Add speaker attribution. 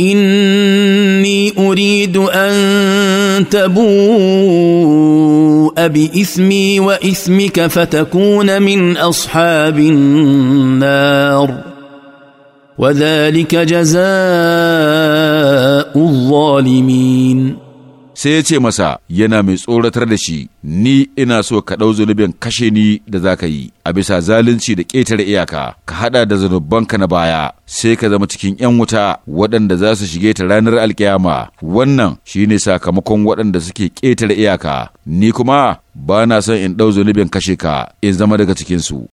Speaker 1: اني اريد ان تبوء باثمي واثمك فتكون من اصحاب النار وذلك جزاء
Speaker 2: الظالمين sai ya ce masa yana mai tsoratar da shi ni ina so ka ɗau zunubin kashe ni da za ka yi a bisa zalunci da ƙetare iyaka ka haɗa da zunubanka na baya sai ka zama cikin 'yan wuta waɗanda za su shige ta ranar alkiyama wannan shi ne sakamakon waɗanda suke ƙetare iyaka ni kuma ba na son in ɗau zunubin kashe ka in zama daga cikinsu